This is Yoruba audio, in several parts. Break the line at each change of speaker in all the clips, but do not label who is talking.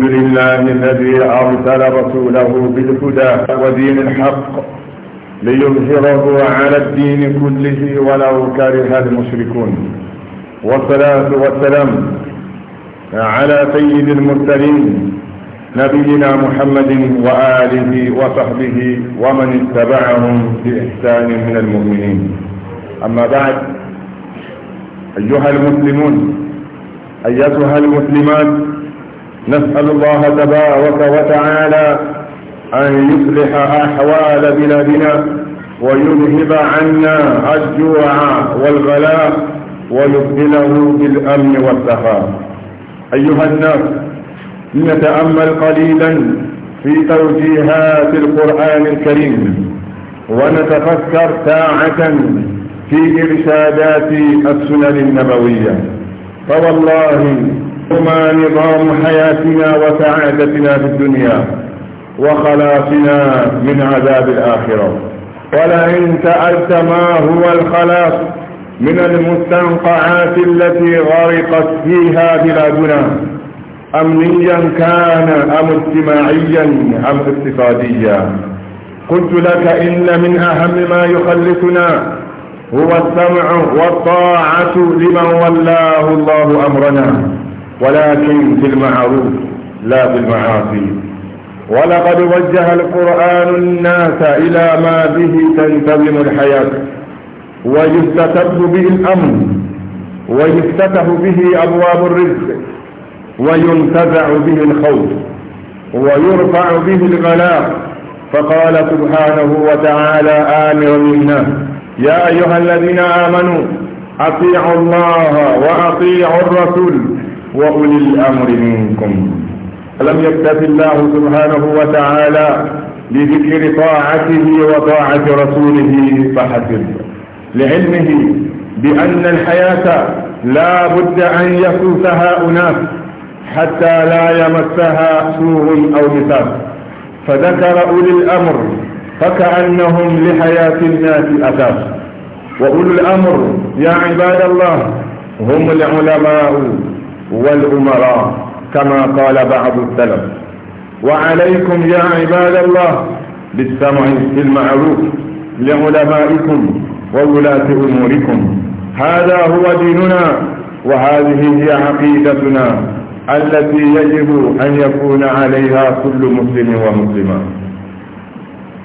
الحمد لله الذي أرسل رسوله بالهدى ودين الحق ليظهره على الدين كله ولو كره المشركون والصلاة والسلام على سيد المرسلين نبينا محمد وآله وصحبه ومن اتبعهم بإحسان من المؤمنين أما بعد أيها المسلمون أيتها المسلمات نسأل الله تبارك وتعالى أن يصلح أحوال بلادنا ويذهب عنا الجوع والغلاء ويبدله بالأمن والسخاء أيها الناس لنتأمل قليلا في توجيهات القرآن الكريم ونتفكر ساعة في إرشادات السنن النبوية فوالله هما نظام حياتنا وسعادتنا في الدنيا وخلاصنا من عذاب الآخرة ولئن سألت ما هو الخلاص من المستنقعات التي غرقت فيها بلادنا أمنيا كان أم اجتماعيا أم اقتصاديا قلت لك إن من أهم ما يخلصنا هو السمع والطاعة لمن ولاه الله أمرنا ولكن في المعروف لا في المعاصي ولقد وجه القرآن الناس إلى ما به تنتظم الحياة ويستتب به الأمن ويفتتح به أبواب الرزق وينتزع به الخوف ويرفع به الغلاء فقال سبحانه وتعالى آمرا منا يا أيها الذين آمنوا أطيعوا الله وأطيعوا الرسول وأولي الأمر منكم ألم يكتف الله سبحانه وتعالى بذكر طاعته وطاعة رسوله فحسب لعلمه بأن الحياة لا بد أن يسوسها أناس حتى لا يمسها سوء أو مثال فذكر أولي الأمر فكأنهم لحياة الناس أساس وأولي الأمر يا عباد الله هم العلماء والأمراء كما قال بعض السلف وعليكم يا عباد الله بالسمع المعروف لعلمائكم وولاة أموركم هذا هو ديننا وهذه هي عقيدتنا التي يجب أن يكون عليها كل مسلم ومسلمة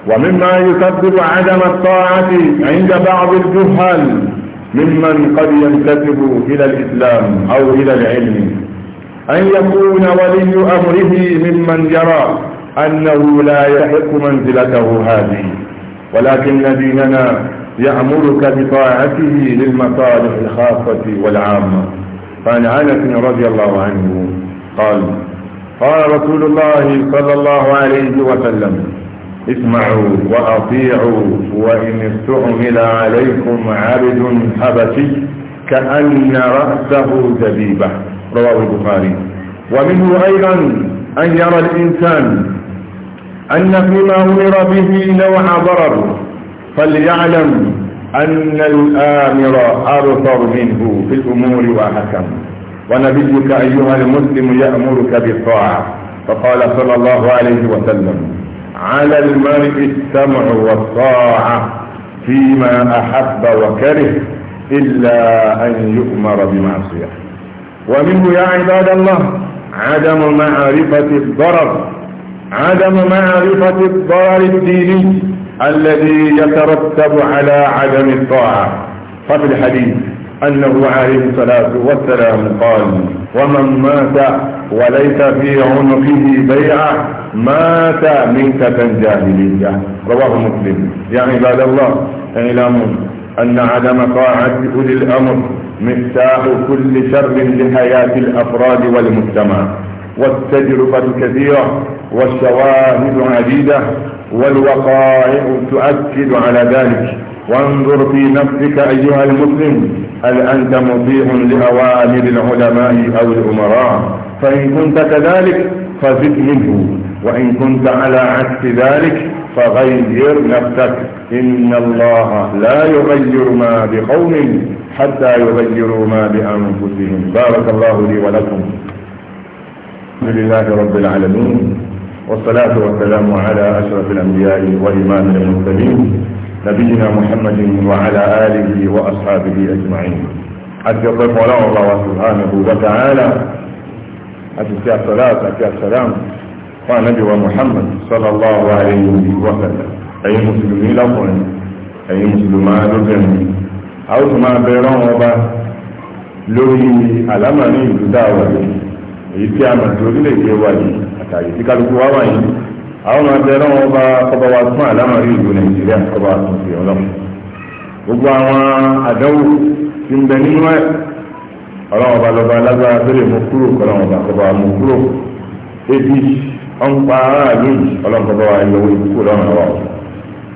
ومما يسبب عدم الطاعة عند بعض الجهال ممن قد ينتسب إلى الإسلام أو إلى العلم أن يكون ولي أمره ممن يرى أنه لا يحق منزلته هذه ولكن ديننا يأمرك بطاعته للمصالح الخاصة والعامة فعن أنس رضي الله عنه قال قال رسول الله صلى الله عليه وسلم اسمعوا وأطيعوا وإن استعمل عليكم عبد حبشي كأن رأسه زبيبة رواه البخاري ومنه أيضا أن يرى الإنسان أن فيما أمر به نوع ضرر فليعلم أن الآمر أبصر منه في الأمور وأحكم ونبيك أيها المسلم يأمرك بالطاعة فقال صلى الله عليه وسلم على المرء السمع والطاعة فيما أحب وكره إلا أن يؤمر بمعصية ومنه يا عباد الله عدم معرفة الضرر عدم معرفة الضرر الديني الذي يترتب على عدم الطاعة ففي الحديث أنه عليه الصلاة والسلام قال ومن مات وليس في عنقه بيعة مات ميتة جاهلية رواه مسلم يا عباد الله اعلموا أن عدم طاعة أولي الأمر مفتاح كل شر لحياة الأفراد والمجتمع والتجربة كثيرة والشواهد عديدة والوقائع تؤكد على ذلك وانظر في نفسك أيها المسلم هل أنت مطيع لأوامر العلماء أو الأمراء فإن كنت كذلك فزد منه وإن كنت على عكس ذلك فغير نفسك إن الله لا يغير ما بقوم حتى يغيروا ما بأنفسهم بارك الله لي ولكم الحمد لله رب العالمين والصلاة والسلام على أشرف الأنبياء وإمام المرسلين نبينا محمد وعلى آله وأصحابه أجمعين أتقف ولا الله سبحانه وتعالى أتقف الصلاة أتقف السلام فنبي ومحمد صلى الله عليه وسلم أي مسلمين لكم أي مسلمان لكم أو ما بيرون وبا lórí àlámà ní ìlú dáwà yìí èyí tí a mọ̀ àwọn ọmọ ẹgbẹ́ ọlọ́wọ́ bá kọba wa tún àlámà rí ìlú nàìjíríà kọba wa tún fi ọlọ́wọ́ gbogbo àwọn àdánwò tí ń bẹ nínú ẹ̀ ọlọ́wọ́ bá lọ́ba lágbára tó lè mú kúrò kọlọ́wọ́ bá kọba mú kúrò ebi ọ̀npa aráàlú ọlọ́wọ́ kọba wa ìlọ́wọ́ ìdúkú lọ́nà wa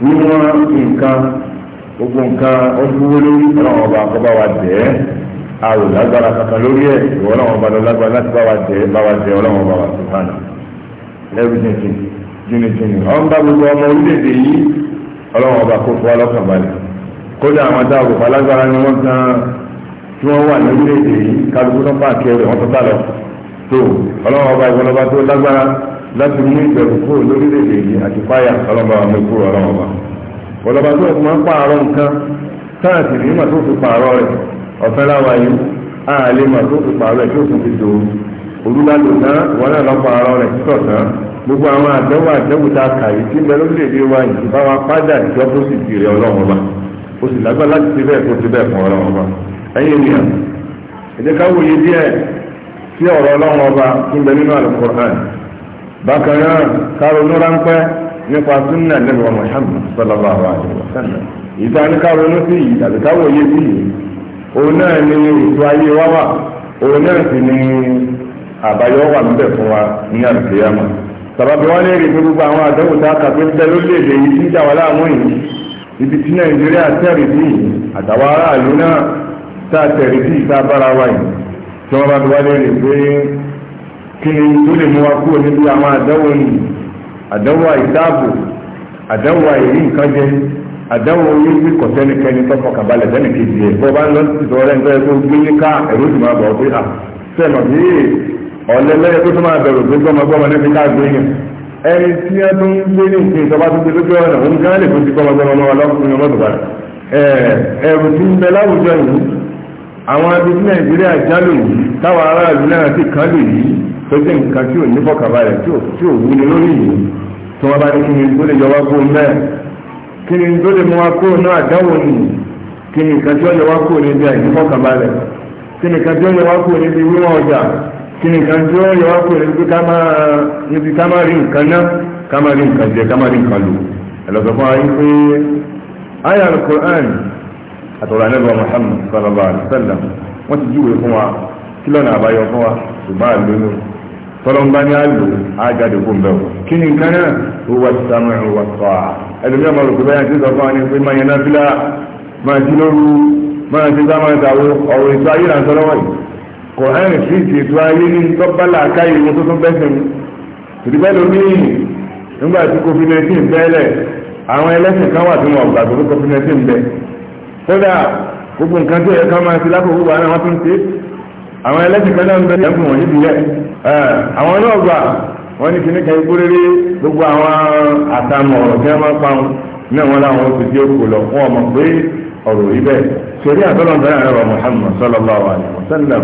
wíwọ́n nǹkan gbogbo nǹkan ó dúró lórí ọlọ́wọ́ bá kọba wa dẹ́ àrò lágbára kankan lórí ẹ̀ ìwọ́n ọlọ́wọ́ bá lọ everything jìnnìjìnnì ọ̀n bá gbogbo ọmọ orílẹ̀-èdè yìí ọlọ́wọ́n ọba kó fún ọlọ́kàn balẹ̀ kódà àwọn tá àgùkọ alágbára ni wọ́n gan tí wọ́n wà ní orílẹ̀-èdè yìí kálukú tó ọba tó lágbára láti mú ìbẹ̀rù lórílẹ̀-èdè ọba mú kúrò tó máa ń pààrọ̀ nǹkan ní fi pààrọ̀ rẹ̀ ọ̀fẹ́ láwa yìí àlè fi pààrọ̀ rẹ̀ tó fi fi dòwò gbogbo àwọn àdánwò àdánwò tá a kà yìí tí mẹ́rin orílẹ̀-èdè wa yìí bá wa pádà ìjọ tó sì di rẹ̀ ọlọ́run ọba ó sì lágbá láti ti bẹ́ẹ̀ tó ti bẹ́ẹ̀ fún ọlọ́run ọba ẹ̀yin ènìyàn ẹ ká wòye díẹ̀ sí ọ̀rọ̀ ọlọ́run ọba tí ń nínú al bákan náà káronú ráńpẹ́ nípa súnà lẹ́nu wa Muhammad àbáyọ wà ń bẹ fún wa ní àlùkìyàmà sàbàbí wọn lè rí pé gbogbo àwọn àdánwò tá a kà pé bẹ́ẹ̀ lórílẹ̀-èdè yìí ti ń jà wá láàmú yìí ibi tí nàìjíríà tẹ̀rí sí yìí àtàwọn aráàlú náà tá a tẹ̀rí sí ìta bára wa yìí tí wọ́n bá ti wá lè rí pé kí ni tó lè mú wa kúrò níbi àwọn àdánwò yìí àdánwò àìsáàbò àdánwò àìrí nǹkan jẹ àdánwò orí bí kò sẹ́nikẹ́ni tó fọkàn balẹ̀ sẹ́nìkejì ẹ̀ bọ́ bá ń lọ sí ìtọ́rẹ́ ọ̀lẹ́ lẹ́yìn tó tó máa bẹ̀rù pé gbọ́mọ gbọ́mọ ní fi káàgbé yẹn ẹni tí a tó ń gbé ní ìpín ìjọba tó ti lójú ọ̀nà òun gan lè fún ti gbọ́mọ gbọ́mọ lọ́wọ́ lọ́kùnrin ọmọ bàbá ẹ̀rù ti ń bẹ láwùjọ yìí àwọn abí tí nàìjíríà jálò yìí táwọn aráàlú náà ti kán lò yìí tó jẹ́ nǹkan tí ò ní fọkàbalẹ̀ tí ò wúni lórí yìí tí wọ́n bá ní kí ni tó lè yọwá kó mẹ́ẹ̀ kí ni tó lè mú wa kó náà àdáwò nìyí kí ni nǹkan tí ó yọwá kó níbi àìnífọkàbalẹ̀ kí ni nǹkan tí ó yọwá kó níbi wíwọ́n ọjà kí ni kan tí ó yọ wá kúrò níbi ká máa rí nǹkan náà ká máa rí nǹkan jẹ ká máa rí nǹkan lò ẹ̀lọ́sọ̀ fún ayé pé ayé alukur'an àtọ̀rọ̀ anábọ̀ Muhammad sallallahu alaihi wasallam wọ́n ti júwèé fún wa kí lọ́nà àbáyọ fún wa ṣùgbọ́n àlónú tọ́lọ́mbá ní àlò àjáde fún bẹ́ẹ̀ kí ni nǹkan náà ó wá ti sámú ẹ̀ wá sọ à ẹlòmí ọmọ rògbò bẹ́ẹ̀ ti sọ fún wa ní pé máa yẹn náà fílà máa ti lóru máa ti sá máa tàwó ọ̀rọ̀ ìtọ́ ayé náà sọ kọ̀ọ̀rán sí ìṣètò ayé ní tọ́bálà káyé wọn tó tún bẹ́sẹ̀ mu ìdíbẹ́ lómi nígbà tí covid-19 bẹ́ẹ̀lẹ̀ àwọn ẹlẹ́sìn kan wà tí wọn gbàgbọ́ pé covid-19 bẹ́ẹ̀ kódà gbogbo nǹkan tó yẹ ká máa ṣe lápò gbogbo àwọn tó ń ṣe àwọn ẹlẹ́sìn kan náà ń bẹ́ẹ̀ fún wọn níbi yẹ àwọn náà gbà wọ́n ní kíní kan rere gbogbo àwọn àtàmọ̀ ọ̀rọ̀ tí wọ́n máa pa wọn náà wọn láwọn oṣù tí ó kù lọ fún ọmọ pé ọ̀rọ̀ yìí bẹ́ẹ̀ ṣeré àtọ́lọ́mọbẹ̀rẹ̀ àrẹ wa Muhammad sallallahu alaihi wa sallam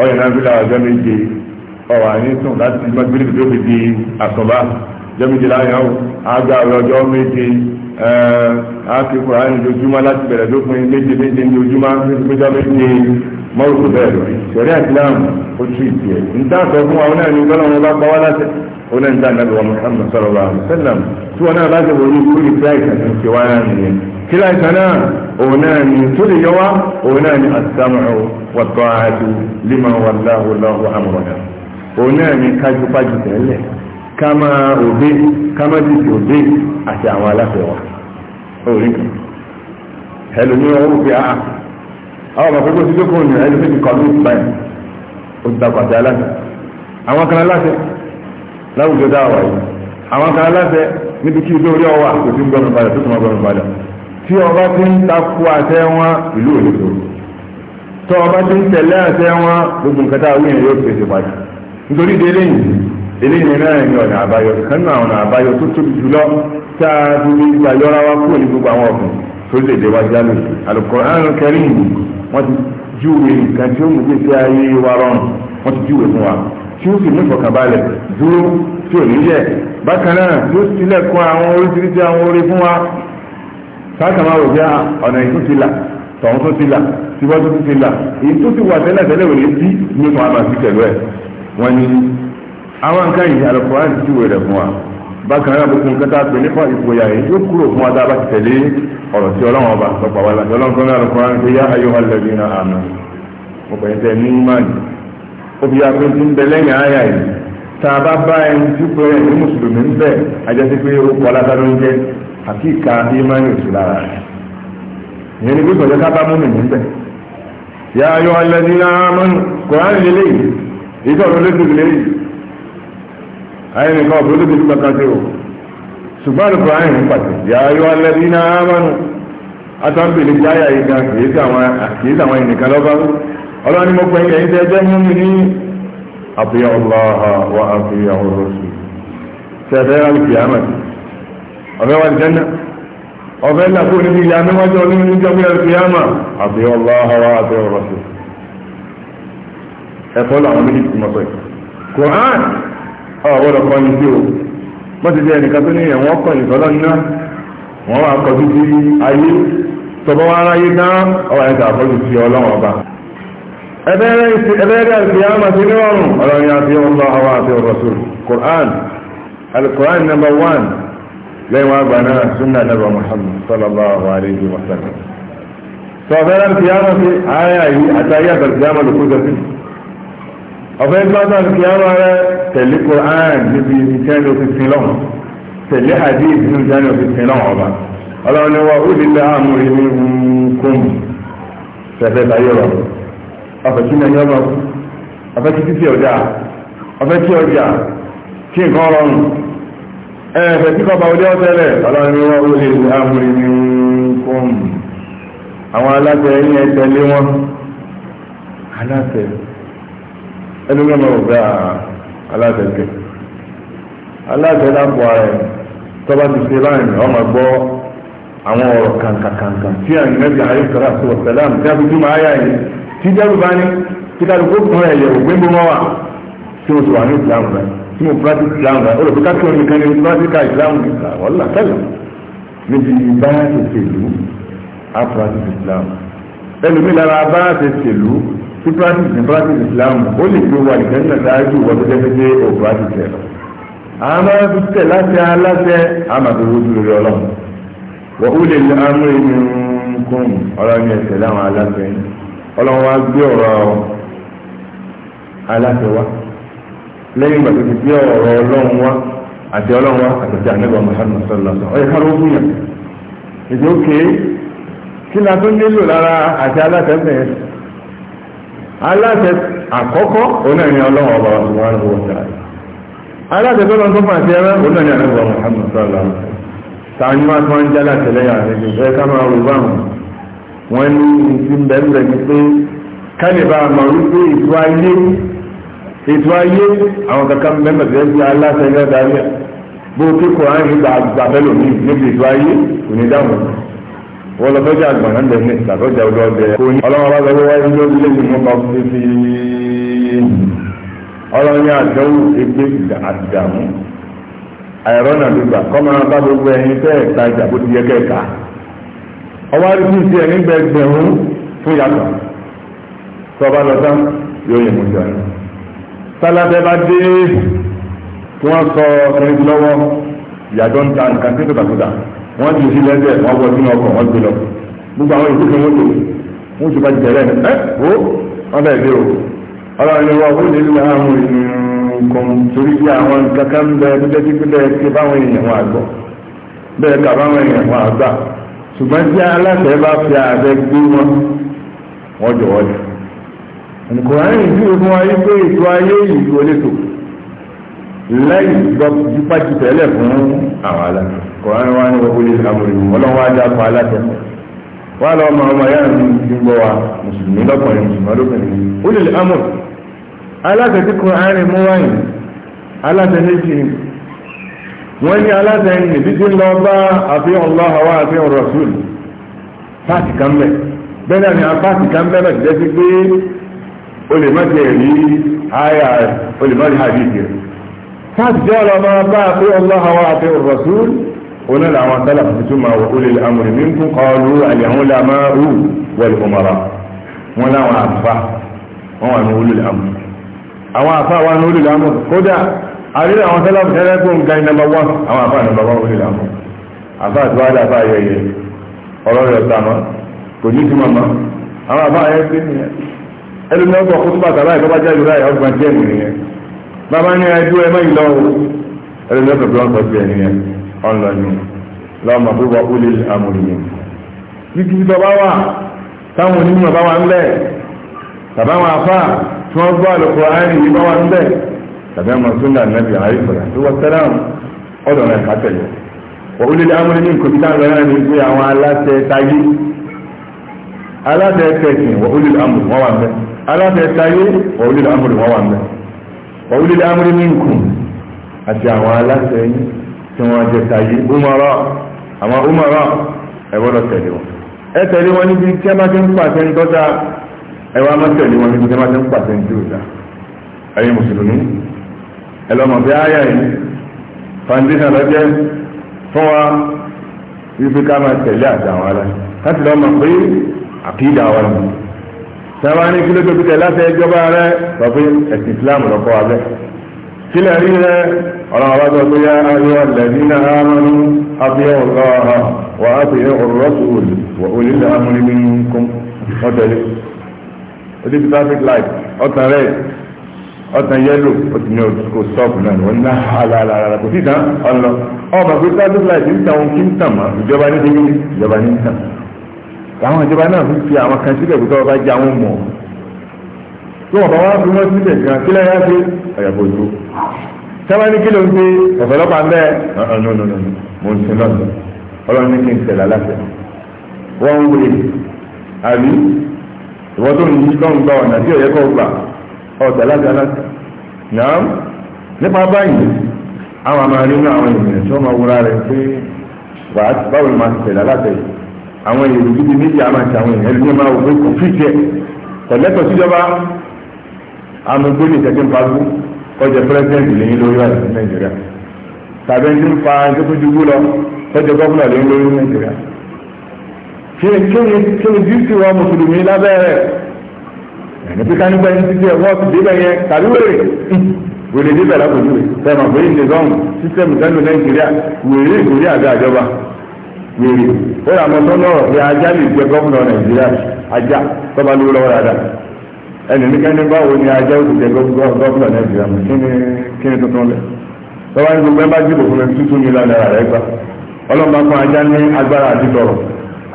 ọyàn náà fílà ọjọ́ méje ọwà ní sùn láti mọ́gbìlì tó fi di àsọ̀bá ọjọ́ méje láyàn ó ágbà ọjọ́ méje ákíkọ̀ àyìn lójúmọ́ láti bẹ̀rẹ̀ lópin méje méje ní ojúmọ́ méjọ́ méje mọ́rùkù bẹ́ẹ̀ lórí sẹ̀rí àtìláàmù ó tú ìdí ẹ̀ níta sọ fún wa onáà ní gbọ́dọ̀ wọn bá pa wá láti onáà níta nàbẹ̀wọ̀ Muhammad sallallahu alaihi wasallam tí wọn náà bá ṣe wọlé kúrò ìfẹ́ àìsàn tó ń ṣe wáyà nìyẹn kílá ìtànà òun náà ni tó lè yọwá òun náà ni àtàmù wàtọ́ àádú lima wallahu lahu amrana òun náà ni kájú pájú tẹ́lẹ̀ ká máa òbí ká máa dìtì òbí àti àwọn aláfẹ́wà orí kan ẹlòmí ọwọ́ pé àà àwọn ọmọ pẹ́pẹ́ sí lókùn ní ẹlòmí ti kọ́ ní ìpáyì ó ti dàpàtà aláṣẹ àwọn kan aláṣẹ láwùjọ dáwà yìí àwọn kan aláṣẹ níbi kí ilé orí ọwà kò sí gbọmọ padà tó tún ọgbọmọ padà tí ọba ti ń takú àṣẹ wọn ìlú òdodo tó ọba ti ń tẹ̀lé àṣẹ wọn gbogbo nǹkan tá a wíyàn yóò pèsè pàdé nítorí di eléyìí eléyìí náà ní ọ̀nà àbáyọ kan náà ọ̀nà àbáyọ tó tóbi jùlọ tá a ti ní gba yọra wa kúrò ní gbogbo àwọn tó lè dé wájú wọ́n ti júwe nǹkan tí ó mú ayé wa rọrùn wọ́n ti júwe fún wa tí ó sì mú dúró tí ò ní yẹ bákan náà tí ó àwọn oríṣiríṣi àwọn fún káàkà máa wò bí ọ̀nà ìtún ti là tọ̀hún tún ti là síwájú tún ti là èyí tó ti wà tẹ́lẹ̀ tẹ́lẹ̀ wò lè bí nípa àmà pẹ̀lú ẹ̀ wọ́n ní àwọn nǹkan yìí alùpùpù ti ti wò fún wa bákan náà gbogbo nǹkan tá a pè nípa ìgboyà yìí yóò kúrò fún wa tá a bá ti tẹ̀lé ọ̀rọ̀ tí ọlọ́run ọba sọ pàwọ́ láti ọlọ́run tó ní alùpùpù rẹ̀ pé yá ayọ́ alẹ́bí náà àmà ọ̀pọ̀ yẹn tẹ̀ ní ìmáàlì òbí akpẹ́ntì ń àti ìka ìmánì òsì lára rẹ̀ ìyẹn ni gbígbọ̀jọ́ ká bá múmi níbẹ̀ yà á yọ alẹ́dí náà mọ́nù kòránì lélẹ̀ yìí ìjọ ọ̀rọ̀ lójú ìlẹ̀ yìí ayé nìkan ọ̀bọ̀ lójú ìlú kankan sí o ṣùgbọ́n ní kòránì ní pàtó yà á yọ alẹ́dí náà mọ́nù atọ́nbìlì jáyà yìí gan kìí sí àwọn ẹnìkan lọ́bá ọlọ́run ni mo pẹ́ ẹ̀yìn tẹ́ jẹ́ múmi ní àfihàn ọlọ́ha wa àfihàn ọlọ́sùn tẹ̀fẹ́ alùpùpù ọ̀fẹ́ wà jẹ́nà ọ̀fẹ́ là kó níbi ìyá níwájú ọdún ní jọ́gbé ẹ̀rọ kìyàmà àti ọlọ́wọ́ wa àti ọ̀rọ̀ sí ẹ̀kọ́ làwọn méjì ti mọ̀ pẹ̀ Quran ọ̀gbọ́dọ̀ kọ́ ní sí o wọ́n ti di ẹnìkan tó ní ẹ̀wọ̀n kọ̀ ìtọ́lọ́ ní náà wọ́n wà kọjú sí ayé tọ́bọ́ wá ráyé náà ọwọ́ ẹ̀ka àkọ́jú sí ọlọ́wọ́ ọba ẹbẹ́rẹ́ ìfìyàmà sí ní ọrùn ọlọ́run àti ọlọ́wọ́ àti ọ̀rọ̀ sí Quran al-Quran lẹ́yìn wọn àgbà náà súnà nàbà Muhammad sallallahu alayhi wa sallam sọfẹ́rẹ́ alkiyama fi àyà yìí àtàyè alkiyama ló kó sọ́sí ọ̀fẹ́ gbọ́dọ̀ alkiyama rẹ tẹ̀lé Qur'an níbi ìjẹ́ni òfin sin lọ́wọ́ tẹ̀lé hadith nínú ìjẹ́ni òfin sin lọ́wọ́ ọba ọlọ́run ni wọ́n ó lílẹ̀ àmú ilé kún fẹ́fẹ́ láyé rọ̀ ọ̀fẹ́ kí nàá ẹ̀ẹ̀fẹ̀ tí kọba olé ọ́tẹ́lẹ̀ ọlọ́rinwọ́ olè amúrí àwọn aláṣẹ ẹ̀yìn ẹ̀tẹ́ lé wọn aláṣẹ ẹlúgbọ́n ọ̀gá aláṣẹ kẹ aláṣẹ lápò ti ṣe láàrin ọmọ gbọ́ àwọn ọ̀rọ̀ kàǹkàǹkà tí ayé sọ́ra sí tí a fi túmọ̀ tí jẹ́rù bá ní kan ẹ̀yẹ̀ wà tí sì wà ní ìsìlámù báyìí tí mo practice Islam rẹ̀ ó lọ bí kákí wọn nìkan ní practical Islam rẹ̀ wọ́n là tẹ́lẹ̀ níbi bá ṣe ṣèlú á practice Islam ẹlòmí lára bá ṣe ṣèlú tí practice ní practice Islam ó lè fi wà nìkan nígbà dájú wọ́n tó jẹ́ pé ó practice lọ. àmọ́ fi tẹ̀ láti aláṣẹ àmàtòwò dúró rẹ̀ ọlọ́run wọ́n ó lè lọ amú ẹni kún ọlọ́run ẹ̀sẹ̀ láwọn aláṣẹ ọlọ́run wá gbé ọ̀rọ̀ aláṣẹ wá lẹ́yìn ìgbà tó ti gbé ọ̀rọ̀ ọlọ́run wá àti ọlọ́run wá àtẹ̀tẹ̀ àníbà Muhammad sallallahu alaihi wasallam ọ̀yẹ́ káró fún yàn èdè òkè kí la tó nílò lára àti aláṣẹ bẹ́ẹ̀ aláṣẹ àkọ́kọ́ onáìní ọlọ́run ọba subhanahu wa ta'ala aláṣẹ tó lọ tó fà sí ẹrẹ onáìní àníbà Muhammad sallallahu alaihi wasallam tó ń jẹ́ láti lẹ́yìn àlejò bẹ́ẹ̀ ètò ayé àwọn kankan mẹ́mẹ́ tẹ́lẹ̀ bí aláṣẹ ẹgbẹ́ darí ẹ̀ bó o ti kọ̀ á ní gbà bẹ́ẹ̀ lómi níbi ètò ayé kò ní dáhùn wọ́n lọ fẹ́ jẹ́ àgbà náà bẹ̀ ní ìtàkọ́jà ọdọ ọdẹ kò ní ọlọ́run bá lọ́wọ́ wáyé lórí lẹ́yìn mú kọ́ fífi ọlọ́run yẹn àdánwò ẹgbẹ́ àdàmú àìrọ́nà gbígbà kọ́ máa bá gbogbo ẹyin tẹ́ ẹ̀ ta ìjà bó ti yẹ kẹ́ẹ̀ka ọwọ́ àdúgbò ti ẹ̀ nígbẹ̀gbẹ̀rún fún yàtọ̀ tọ́ bá lọ tán yóò yẹ mú jọ yẹn sálábẹ́ bá dé tí wọ́n sọ ọkùnrin ti lọ́wọ́ ìyàjọ́ ń ta nǹkan tí tòkàtòkà wọ́n ti sí lẹ́sẹ̀ wọ́n wọ sínú ọkọ̀ wọ́n gbé lọ gbogbo àwọn ìlú kan tó wọ́n ti bá ti tẹ̀lé ẹ̀ ó wọ́n bẹ̀ dé o ọlọ́run ni wọ́n wọ́n lè lọ àwọn nǹkan torí bí àwọn nǹkan kan bẹ bíbẹ́ tí bíbẹ́ ti báwọn èèyàn wọn àgbọ̀ bẹ́ẹ̀ kà báwọn èèyàn wọn àgbà ṣùgbọ́n tí aláṣẹ bá fi àbẹ gbé wọn wọ́n jọ̀wọ́ jù nkùnrin tí o fún wa yí pé ètò ayé yìí kò lè tò lẹ́yìn jípájú tẹ́lẹ̀ fún àwọn aláṣẹ kọ̀ọ̀rán wa ní gbogbo ilé àmúrí ọlọ́run wa dá pa aláṣẹ wa lọ ọmọ ọmọ yára ní gbígbọ́ wa mùsùlùmí lọ́kùnrin mùsùlùmí ó lè amọ̀ aláṣẹ tí mú aláṣẹ méjì ni wọ́n ní aláṣẹ tí ń lọ bá àfihàn àfihàn kan bẹ́ẹ̀ bẹ́ẹ̀ ni o lè má tiẹ̀ rí àyà o lè má rí hadith rẹ̀ káàtì jẹ́ ọ̀rọ̀ máa bá a pé Allah wa àti rasul oní làwọn sálà tuntun máa wọ olè amòrì minkum qalu àlẹ́hún la máa rú wal umara wọn láwọn àfa wọn wà ní olè amòrì àwọn àfa wà ní olè amòrì kódà àrílẹ̀ àwọn sálà tẹ́lẹ̀ tó ń ga nàbà wọn àwọn àfa nàbà wọn olè amòrì àfa àti wàhálà àfa ayẹyẹ ọ̀rọ̀ sàmà kò ní ẹlòmí ọgbọ kó túbà tàbá ìtọ́ba jẹ́ ìlú láyé ọgbà jẹ́ ìrìn yẹn bàbá ní ẹdú ẹ mẹ́yìn lọ́wọ́ ẹlòmí ọgbà bí wọ́n sọ sí ẹ̀yìn yẹn ọ̀nà ni lọ́mọ tó wọ ó lé amòrìyìn títí tọ́ba wà táwọn onímọ̀ bá wà ń bẹ̀ tàbá wọn afá tí wọ́n gbọ́ àlùkò àárín yìí bá wà ń bẹ̀ tàbí ọmọ súnà nàbì àríkọ̀rà tó wọ́n sẹ́lá aláfẹ́sáyé ọ̀wílì lámùrí wọ́n wà ń bẹ̀ ọ̀wílì lámùrí mínkù àti àwọn aláṣẹ yìí tí wọ́n jẹ sáyé umara àwọn umara ẹ̀wọ́dọ̀ tẹ̀lé wọn ẹ tẹ̀lé wọn níbi tí a máa ti ń pàṣẹ ń tọ́ta ẹwà máa tẹ̀lé wọn níbi tí a máa ti ń pàṣẹ ń tí ò mùsùlùmí ẹ lọ́mọ bí áyà yìí foundation lọ́jẹ́ fún wa wípé ká máa tẹ̀lé àti àwọn aláṣẹ láti lọ́mọ pé àkídà sábà ní kí ló tó kúta láti ẹjọba rẹ sọ pé ẹ̀sìn islam lọ́kọ́ abẹ́ kílẹ̀ rí rẹ ọ̀rọ̀ àwọn ọjọ́ pé yá ayọ́ alladhina amanu abiyu allaha wa abiyu ar-rasul wa ulil amri minkum ọ̀tẹ̀lẹ̀ odi traffic light ọ̀tàn red ọ̀tàn yellow ó ti ní kò stop náà wọ́n ná àlàlà ah, kò sí tán ọ̀nà ọmọ pé traffic light ń tàn kí ń tàn mọ́ ìjọba ní ìjọba ní làwọn ìjọba náà fi fi àwọn kan síbẹ̀ tó bá jẹ́ àwọn mọ̀ tí wọ́n bá wá fi wọ́n síbẹ̀ gan kí lẹ́yìn láti ọ̀yàbọ̀ ìlú sábà ní kí ló ń pe ọ̀fọ̀lọ́pàá ń bẹ́ẹ̀ nọ̀nọ̀nọ̀nọ̀ mo ń sin lọ́sọ̀ ọlọ́run ní kí n tẹ̀lé aláṣẹ wọ́n ń wé àbí ìwọ tó ń yí lọ́n gba ọ̀nà tí ọ̀yẹ́ kọ́ gbà ọ̀tẹ̀ aláṣẹ aláṣẹ náà nípa báyìí àwọn àmàlẹ́ náà àwọn ènìyàn tí wọ́n máa wúra rẹ̀ pé báwo ni màá ti tẹ̀lé aláṣẹ yìí àwọn èrò gidi méjì àmà àti àwọn èèyàn ẹni máa wò pé kò fi jẹ kọ̀lẹ́tọ̀ síjọba amúgbó ní ìtẹ́jú pagbó kọjá pírẹsidẹ́ǹtì lẹ́yìn lórí wà ní nàìjíríà tàbí ẹni ń fa ẹjọ́ tó dúró lọ kọjá gọ́fúnà lẹ́yìn lórí nàìjíríà kí ni kí ni díìsì wọn mùsùlùmí lábẹ́rẹ́ ẹni pé kánígbà ẹni títí ẹ̀ wọ́n ti débẹ̀ yẹn tàbí wèrè wèrè débẹ̀ lápòjú wèrè ó rà mọ́tò náà ní ajá lè jẹ gómìnà nàìjíríà ajá tọ́ba lówó lọ́wọ́ dáadáa ẹnìkẹ́ni báwo ni ajá ó ti jẹ gómìnà nàìjíríà kí ni kí ni tuntun lẹ tọ́ba ní gbogbo ẹ bá dìbò fún mi tútù ní ìlànà gbà ọlọ́mọ ajá ní agbára àti tọrọ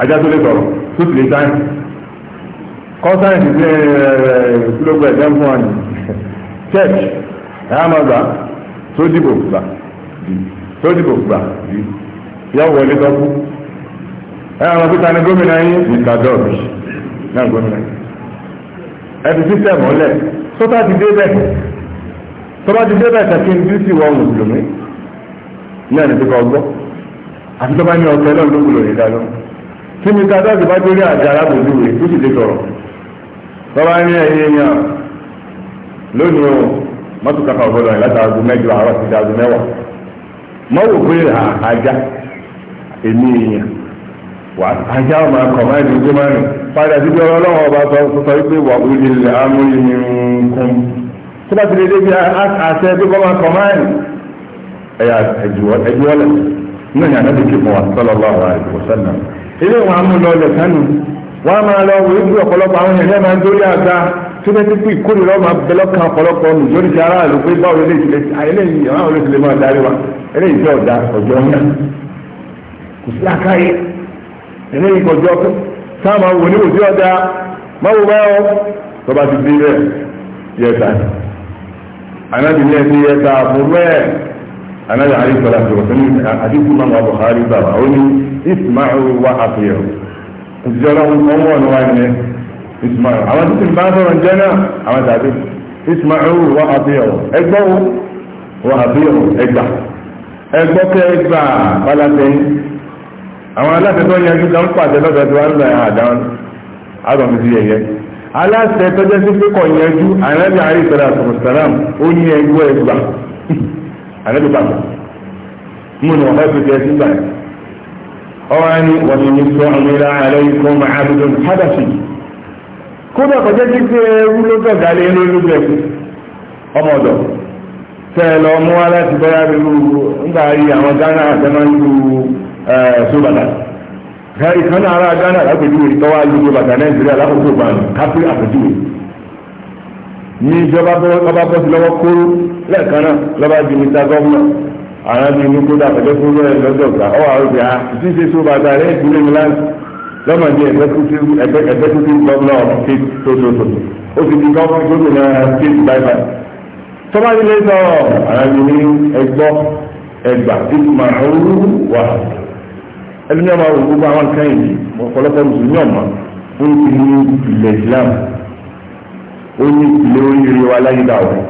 ajá tọrọ tó lè sáyẹn ti fún wa church ẹ̀ á máa gbà tó yọ wọlé tọ́kú ẹ àwọn pípa ní gómìnà yín mr dọ́ọ̀bì náà gómìnà yín ẹ fi sísẹ̀mù ọlẹ̀ sọ́tà ti dé bẹ́ẹ̀ tọ́ba ti dé bẹ́ẹ̀ kẹ́kẹ́ ní sí wọn mùsùlùmí náà ní ti kọ́ gbọ́ àti tọ́ba ní ọ̀tọ̀ náà ló wúlò nígbà lọ tí mr dọ́ọ̀bì bá dórí àjà alábòjú rẹ̀ tó sì dé sọ̀rọ̀ tọ́ba ní ẹ̀yẹ yẹn lónìí o mọ́tò kàkà ọ̀gbọ́dọ̀ yẹn látàgùn mẹ́jọ àárọ̀ sí dàgùn mẹ́wàá mọ́wò pé àjà èmi èèyàn wà ajá ọmọ akọ̀mọ́ ìdíjú máa rìn padà sí ọba sọ wípé wà ní nǹkan bá ti lè àṣẹ máa náà ní ànábì kí fún wa sallallahu alaihi wasallam ilé wọn amúlọ́lẹ̀ sánú wọn a máa lọ wọ ibi ọ̀pọ̀lọpọ̀ àwọn èèyàn máa ń dórí àga kò sí àkáyé ẹ̀lẹ́ ìkọjọ́ pé sáàmà wò ní òsì ọjà máwo báyọ̀ tó bá ti bílẹ̀ yẹta anábì ní ẹni yẹta àbúrú ẹ̀ anábì àríkọlá tó rọ̀tún ní àdínkù máa wà Buhari bàbá ó ní ismail wà àfihàn òṣìṣẹ́ ọlọ́run kan wọ̀ ní wá ní ismail àwọn tó ti bá sọ̀rọ̀ jẹ́ náà àwọn tàbí ismail wà àfihàn ẹgbọ́n wà àfihàn ẹgbà ẹgbọ́kẹ́ ẹgbà pálátẹ́yìn àwọn aláṣẹ tó yanjú kan pàṣẹ lọ́dọ̀ tí wọ́n ń àdáwọn àgbọ̀n ti yẹ̀yẹ́ aláṣẹ tó jẹ́ sí pé kọ̀ yanjú ànábì àrí ìsọ̀rọ̀ àsọ̀rọ̀sọ̀rọ̀ ó ní ẹgbà mú ni wọ́n fẹ́ fi ewu tẹ́ lọ Eh, sóbàtà káyì kan náà ará Ghana lápèjúwe tọ́wọ́ lu sóbàtà Nàìjíríà lákòókò gbàǹdù kápẹ́ àpèjúwe ní ìjọba bá bọ́ sí lọ́wọ́ kóró lẹ́ẹ̀kan náà lọ́ba di mr gọ́vnà àwọn bíi ní kódà pẹ̀lú fún lọ́rẹ̀ lọ́dọ̀ gbà ọwọ́ àwọn obìnrin ah, àti ṣe tó bàtà rẹ̀ ìdílé mi láti lọ́mọ di ẹgbẹ́ tó ti ń gọ́vnà ọ̀fíìsì tó tó tó ó ti di gọ́vnà tó tó náà state by by. tọ́ba nílé sọ̀rọ̀ àwọn bíi ní ẹgbọ́ ẹgbà ìgbà òru wà ẹlòmíà máa wò gbogbo àwọn nǹkan yìí ọ̀pọ̀lọpọ̀ mùsùlùmí ọ̀mà ó ń ti ní ilẹ̀ Islam ó ní ìpìlẹ̀ oríire wa láyé dà wọ́n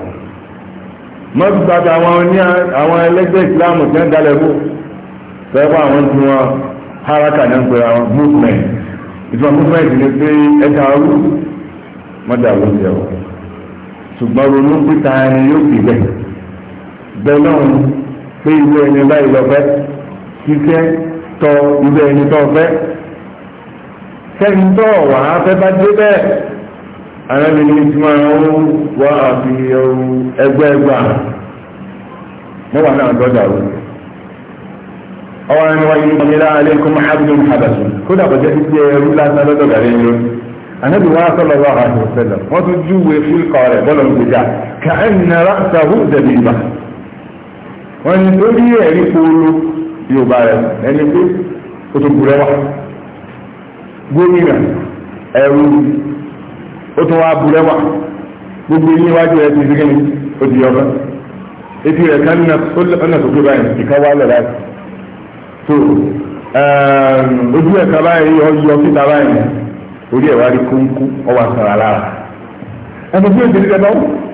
mọ́tòtàtà àwọn ẹlẹ́gbẹ́ Islam ti ń dalẹ̀ bò fẹ́ẹ́fọ́ àwọn tí wọ́n haraka ní ń àwọn movement ìtura movement ni pé ẹ̀ka arú mọ́tà ló ti ẹ̀wọ̀ ṣùgbọ́n ronú pípa ẹni yóò fi bẹ́ẹ̀ bẹ́ẹ̀ náà pé ìwé ẹni báyìí lọ fẹ́ kíkẹ́ tọ ibẹ̀ ẹni tọ́ fẹ́ sẹ́ni tọ́ wà á fẹ́ bá dé bẹ́ẹ̀ arábìnrin tí máa ń wá àfihàn ẹgbẹ́ ẹgbà mọ́wàá náà gbọ́dọ̀ àwọn ènìyàn ọwọ́n ẹni wáyé ní ilá aléìkún mahabdun habasu kódà kò jẹ́ títí ẹrú lásán lọ́dọ̀ gàrí ẹni lónìí anábì wọn sọ lọ́wọ́ àti ọ̀sẹ̀lẹ̀ wọ́n tún júwe fílkọ̀ rẹ̀ bọ́lọ̀ ń gbèjà kà ẹ̀ nara sahu dẹ̀bìbà wọ́n ní torí ẹ̀rí polo yóò bá rẹ̀ ẹni pé ó tó burẹ́ wà gómìnà ẹ̀rù ó tó wá burẹ́ wà gbogbo ilé iwájú ẹ̀ ti fi kíni ó ti yọ bẹ́ẹ̀ etí rẹ̀ kan náà tó tó báyìí ìka wá lẹ̀ láti tó ojú ẹ̀ka báyìí yọ yọ síta báyìí orí ẹ̀ wá rí kúńkú ọwọ́ àtàrà lára ẹni tí ó ti rí náà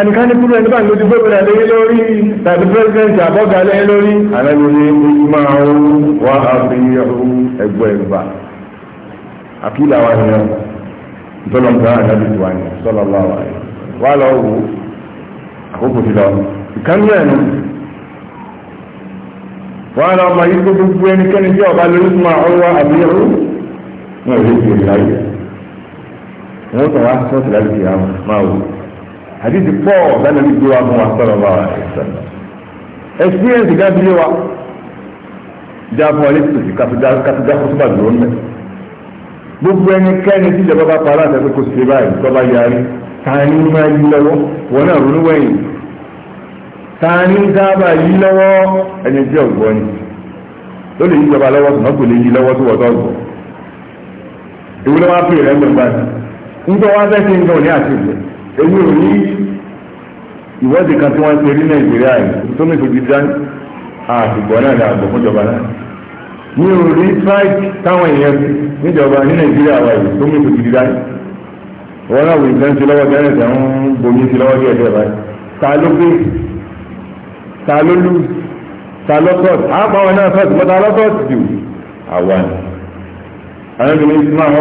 àníkání kúrò ẹni bá lójú gómìnà lé lórí tàbí pírẹsidẹ́ntì àbọ́gà lé lórí àrẹ́mi ní máa ń wá àfihàn ẹgbẹ́ ìgbà àkílà wa ni ìtọ́lọ́mùtà àdábì tiwa ni sọ́lọ́ bá wa ni wà lọ wò àkókò ti lọ ìkánú ẹ̀ nù wà lọ ọmọ yìí tó gbogbo ẹnikẹ́ni tí ọba lórí máa ń wá àfihàn wọn ò lè fi èdè láyé wọn tó wá sọ́ọ̀tì láti fi àwọn máa wò àdìsí pọ̀ dáná ní gbé wa mú wa sọ̀rọ̀ experience gá bí wa já fún ọlẹ́ tòsí kàtúndà kótóbà dúró mẹ́ gbogbo ẹnikẹ́ni tí ìjọba bá parọ́ àtẹ́kọ́ kó ṣe báyìí tó bá yarí tani máa yí lọ́wọ́ wọn náà ronú wẹ̀yìn tani sábà yí lọ́wọ́ ẹni tí ọ̀gbọ́n ni ló lè yí ìjọba lọ́wọ́ sùn náà kò lè yí lọ́wọ́ tó wọ́tọ́ ọ̀gbọ́n ìwúlọ́wọ́ á pè rẹ́ gbọ̀ngbà nígbà wọn fẹ́ ṣe ń gbọ̀n ní àtìgbò èyí ò ní ìwọ́de kan tí wọ́n ń pè ní nàìjíríà yìí tó mẹ́fò ti dá àtìgbọ́ náà ní àgbọ̀ fúnjọba náà ní orí strike táwọn èèyàn níjọba ní nàìjíríà wa yìí tó mẹ́fò ti dá wọn náà wò ìdánsí lọ́wọ́ gẹ́rẹ́ tẹ̀ ń bomi sí lọ́wọ́ díẹ̀ díẹ̀ báyìí ta ló gbé ta ló lù ta lọ́kọ̀t àbáwọn náà fẹ́ẹ̀ tó ta lọ́kọ̀t jù àwa ni. àyẹ̀bí ní islam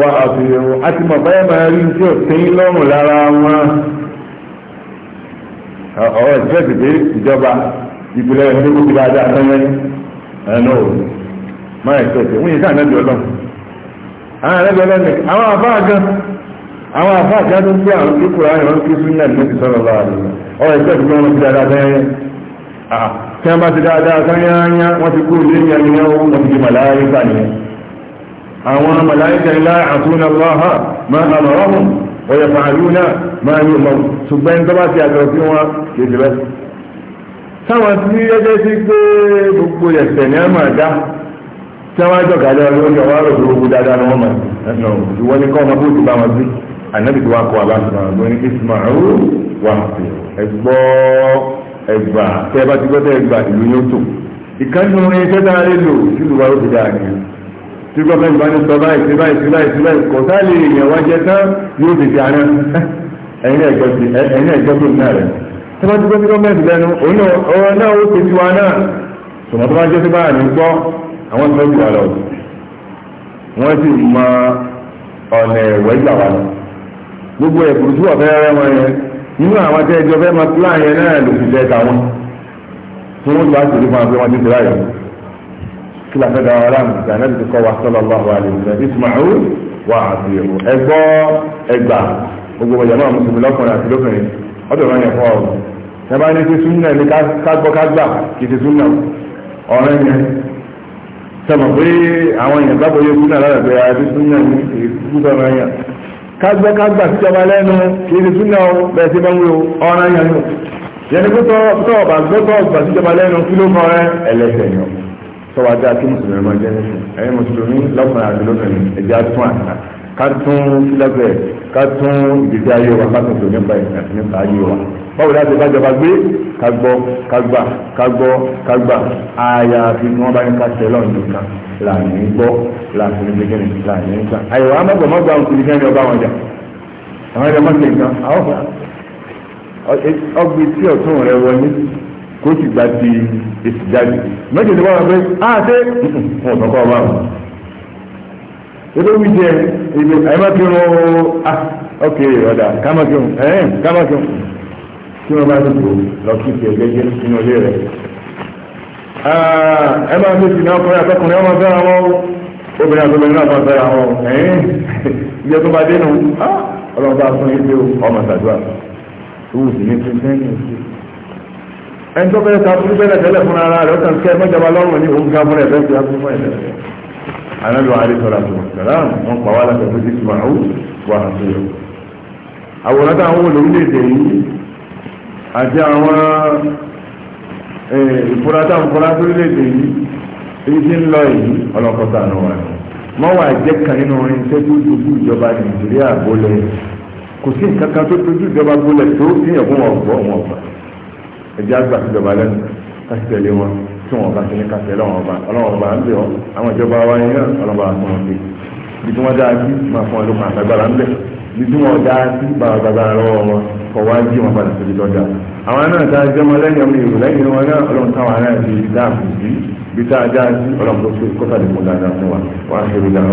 wa àfihàn àti mọ̀ báyẹ̀ máa rí tí ó lọ́rùn lára wọn ọ̀rọ̀ ìfẹ́sì pé ìjọba ìpìlẹ̀ ẹni kó ti bá dá máa wọ́n yìí ọlọ́run àwọn ọlọ́run ni àwọn àfáà gan àwọn àfáà gan tó ń àwọn àwọn màláíkà ilá àtúnà lọ́ha máa àmàrọ́hùn wọ́yẹ fàálúnà máa yóò mọ̀ ṣùgbọ́n tó bá ti àjọ sí wọn kejì rẹ̀ sáwọn tí ẹgbẹ́ sí pé gbogbo ẹ̀sẹ̀ ní àmà dá tí wọ́n jọ gàdá lóúnjẹ wọn rò gbogbo dáadáa ni wọ́n mọ̀ ẹ̀nà ìwọ́n ní kọ́ ọmọ bó ti bá wọn sí ànábì tí wọ́n kọ́ àbáṣe máa gbọ́ ní ismail tí gọ́ọ̀mẹ́ntì bá ní sọ báyìí sí báyìí sí báyìí sí báyìí kò sáà lè yẹn wá jẹ tán yóò fi ti àná ẹ̀yin ẹ̀gbọ́n tó náà rẹ̀ tí wọ́n ti gbé sí gọ́ọ̀mẹ́ntì lẹ́nu òun náà ó ti tiwa náà ṣùgbọ́n tó bá jẹ́ sí báyìí ní gbọ́ àwọn tó ń gbà lọ wọ́n sì mọ ọ̀nà ẹ̀wẹ́ gbà wá lọ gbogbo ẹ̀kùn tí wọ́n fẹ́ rẹ́ wọn yẹn nínú àwọn kí la fẹ́ da wa láàmú ìgbà náà ti kọ́ wa sallallahu alaihi wasallam isma'u wa àbíyẹ̀wò ẹgbọ́ ẹgbà gbogbo ọjà náà mùsùlùmí lọ́kùnrin àti lókùnrin ọdọ̀ náà yẹ fọ́ ọ ṣẹba ní ti súnà ní kágbọ́ kágbà kì í ti súnà ọ̀rẹ́ yẹn sọmọ pé àwọn èèyàn gbàgbọ́ yẹ súnà lára pé àti súnà ní ìfúnṣọ náà yẹn kágbọ́ kágbà síjọba lẹ́nu kì í ti súnà ọ̀rẹ́ yẹn yẹn ni síjọba lẹ́nu kí ló kọ́ rẹ tọ́wọ́ ajá kí mùsùlùmí máa jẹ́ nìṣẹ́ ẹ̀yin mùsùlùmí lọ́kùnrin àti lóbìnrin ẹ̀jẹ̀ á tún àná ká tún sílẹ̀bẹ̀ ká tún ìgbésí ayé wa ká tún tò nípa ìsìn àti nípa ayé wa báwo láti bá jọba gbé ká gbọ́ ká gbà ká gbọ́ ká gbà àyà àfi tí wọ́n bá ní ká tẹ̀ lọ́ọ̀ nìkan làní gbọ́ làní gbẹ́gẹ́ni làní gbà àyẹ̀wò amágbọ̀mọ́gbà ń kiri kẹ́ni ọba wọn jà àwọn ẹ̀rọ mọ́tò nǹkan àwọn ọgbẹ́ tí ọ̀tún rẹ wọlé tó sì gba ti èsì jáde méjì ni wọ́n wá pé á ah, ṣe fún ọ̀sán kọ́ ọ báwọn. ebéwí jẹ ebi àyẹ̀mọ́ kí wọ́n á ah, ok ọ̀dà kámọ́ kí wọ́n ẹ̀ẹ́n kámọ́ kí wọ́n kí wọ́n bá ti tò lọ kí tiẹ̀ gẹ́gẹ́ nínú ilé rẹ̀. Ah, ẹ máa ń fèsì náà kọ́ra àtọkùnrin ọmọ fẹ́ràn wọn obìnrin àtọkùnrin náà máa fẹ́ràn wọn ẹ̀ẹ́n ìjọ tó bá dénú ọlọ́run bá fún yín pé ọmọ ṣàdúrà tó wù sí ní tuntun ní ìsìn ẹni tó bẹ́ẹ̀ sáfún bẹ́ẹ̀ tẹ́lẹ̀ fún ara rẹ̀ ọ̀tàn kẹ́ mẹ́jọba lọ́rùn ní òun gámúrẹ̀ bẹ́ẹ̀ fi abúlé fún ẹ̀sẹ̀ anábì wa alẹ́sọ̀rọ̀ àti mọ̀sálàm wọn pa wá láti ẹ̀fọ́ títí màá wà àti ẹ̀rọ àwòrán tá àwọn olórílẹ̀-èdè yìí àti àwọn ìfura tá ìfura tó lórílẹ̀-èdè yìí èyí tí ń lọ yìí ọlọ́kọ̀tà náà wà mọ́ wà jẹ́ kan nínú orin tẹ́ tó dojú ìjọba Nàìjíríà gbólẹ̀ kò sí nǹkan kan tó dojú ìjọba gbólẹ̀ tó ní ẹ̀kún ọ̀gbọ́n wọn ẹjẹ́ àgbà síjọba lẹ́nu káṣí tẹ̀lé wọn tí wọn bá ti ní káṣí ẹlọ́wọ̀n ọba ọlọ́wọ̀n ọba ń bẹ̀ ọ́ àwọn ìjọba wa yẹn náà ọlọ́wọ̀n ọba fún wọn sí ibi tí wọ́n dáa sí máa fún ọlọ́kùn àtàgbára ń bẹ̀ ibi tí wọ́n dáa sí bàbá bàbá lọ́wọ́ wọn kọ̀ wá jí wọn padà síbi lọ́jà àwọn náà tá a jẹ́ mọ́ lẹ́yìn ọmọ ìrù lẹ́yìn wọn náà ọlọ́run táwọn náà ti dáàbò sí ibi tá a dáa sí ọlọ́run